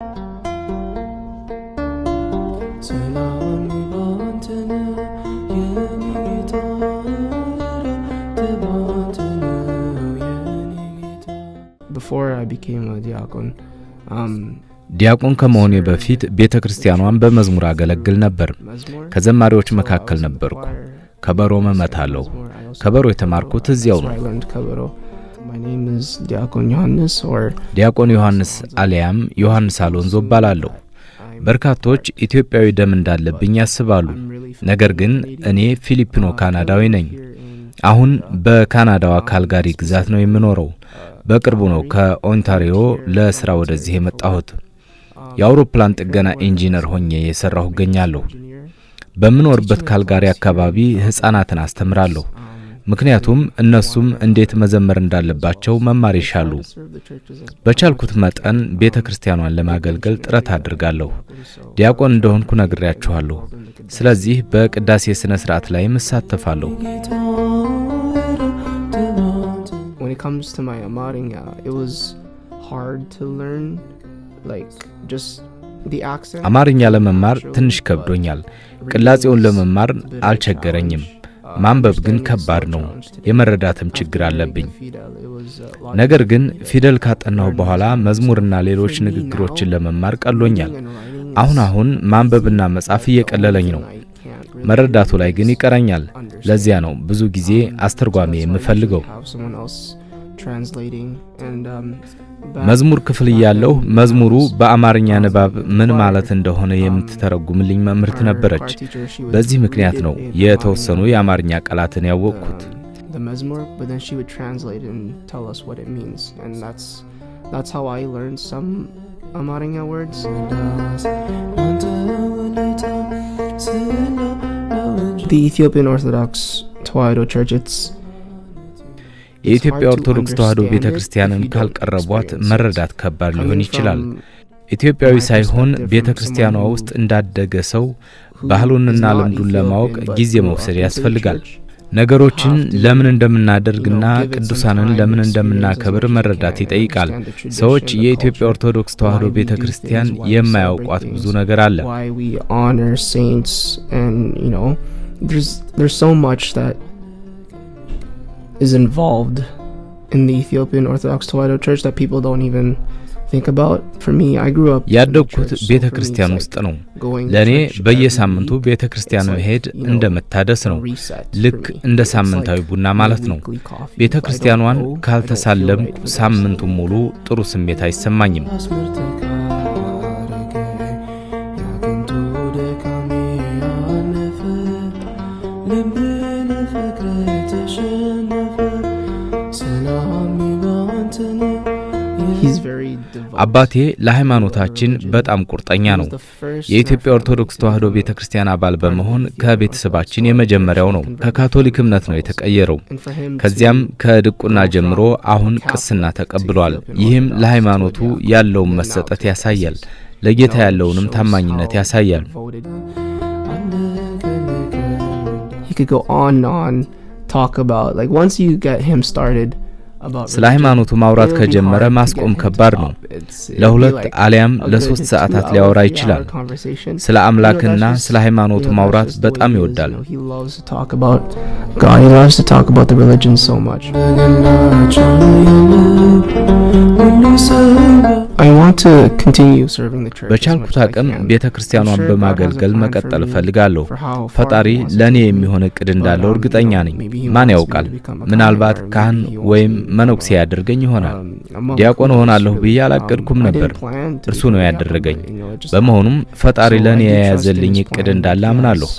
Um, ዲያቆን ከመሆኔ በፊት ቤተ ክርስቲያኗን በመዝሙር አገለግል ነበር። ከዘማሪዎች መካከል ነበርኩ። ከበሮ መመታለሁ። ከበሮ የተማርኩት እዚያው ነው። ዲያቆን ዮሐንስ አሊያም ዮሐንስ አሎንዞ እባላለሁ። በርካቶች ኢትዮጵያዊ ደም እንዳለብኝ ያስባሉ። ነገር ግን እኔ ፊሊፒኖ ካናዳዊ ነኝ። አሁን በካናዳዋ ካልጋሪ ግዛት ነው የምኖረው። በቅርቡ ነው ከኦንታሪዮ ለስራ ወደዚህ የመጣሁት። የአውሮፕላን ጥገና ኢንጂነር ሆኜ የሰራሁ እገኛለሁ። በምኖርበት ካልጋሪ አካባቢ ሕፃናትን አስተምራለሁ። ምክንያቱም እነሱም እንዴት መዘመር እንዳለባቸው መማር ይሻሉ። በቻልኩት መጠን ቤተ ክርስቲያኗን ለማገልገል ጥረት አድርጋለሁ። ዲያቆን እንደሆንኩ ነግሬያችኋለሁ። ስለዚህ በቅዳሴ ሥነ ሥርዓት ላይም እሳተፋለሁ። አማርኛ ለመማር ትንሽ ከብዶኛል። ቅላጼውን ለመማር አልቸገረኝም። ማንበብ ግን ከባድ ነው። የመረዳትም ችግር አለብኝ። ነገር ግን ፊደል ካጠናሁ በኋላ መዝሙርና ሌሎች ንግግሮችን ለመማር ቀሎኛል። አሁን አሁን ማንበብና መጻፍ እየቀለለኝ ነው። መረዳቱ ላይ ግን ይቀረኛል። ለዚያ ነው ብዙ ጊዜ አስተርጓሚ የምፈልገው። Um, መዝሙር ክፍል እያለሁ መዝሙሩ በአማርኛ ንባብ ምን ማለት እንደሆነ የምትተረጉምልኝ መምህርት ነበረች። በዚህ ምክንያት ነው የተወሰኑ um, የአማርኛ ቃላትን um, ያወቅኩት። አማርኛ ወርድስ The Ethiopian የኢትዮጵያ ኦርቶዶክስ ተዋሕዶ ቤተ ክርስቲያንን ካልቀረቧት መረዳት ከባድ ሊሆን ይችላል። ኢትዮጵያዊ ሳይሆን ቤተ ክርስቲያኗ ውስጥ እንዳደገ ሰው ባህሉንና ልምዱን ለማወቅ ጊዜ መውሰድ ያስፈልጋል። ነገሮችን ለምን እንደምናደርግና ቅዱሳንን ለምን እንደምናከብር መረዳት ይጠይቃል። ሰዎች የኢትዮጵያ ኦርቶዶክስ ተዋሕዶ ቤተ ክርስቲያን የማያውቋት ብዙ ነገር አለ። is involved in the Ethiopian Orthodox Toledo Church that people don't even ያደግኩት ቤተ ክርስቲያን ውስጥ ነው። ለእኔ በየሳምንቱ ቤተ ክርስቲያን መሄድ እንደ መታደስ ነው። ልክ እንደ ሳምንታዊ ቡና ማለት ነው። ቤተ ክርስቲያኗን ካልተሳለምኩ ሳምንቱን ሙሉ ጥሩ ስሜት አይሰማኝም። አባቴ ለሃይማኖታችን በጣም ቁርጠኛ ነው። የኢትዮጵያ ኦርቶዶክስ ተዋሕዶ ቤተ ክርስቲያን አባል በመሆን ከቤተሰባችን የመጀመሪያው ነው። ከካቶሊክ እምነት ነው የተቀየረው። ከዚያም ከድቁና ጀምሮ አሁን ቅስና ተቀብሏል። ይህም ለሃይማኖቱ ያለውን መሰጠት ያሳያል፣ ለጌታ ያለውንም ታማኝነት ያሳያል። could go on and on talk about like once you get him started ስለ ሃይማኖቱ ማውራት ከጀመረ ማስቆም ከባድ ነው። ለሁለት አሊያም ለሶስት ሰዓታት ሊያወራ ይችላል። ስለ አምላክና ስለ ሃይማኖቱ ማውራት በጣም ይወዳል። ሰው በቻልኩት አቅም ቤተ ክርስቲያኗን በማገልገል መቀጠል እፈልጋለሁ። ፈጣሪ ለእኔ የሚሆን እቅድ እንዳለው um, እርግጠኛ ነኝ። ማን ያውቃል? ምናልባት ካህን ወይም መነኩሴ ያደርገኝ ይሆናል። um, ዲያቆን እሆናለሁ ብዬ um, አላቀድኩም ነበር። እርሱ ነው ያደረገኝ። በመሆኑም ፈጣሪ ለእኔ የያዘልኝ እቅድ እንዳለ አምናለሁ።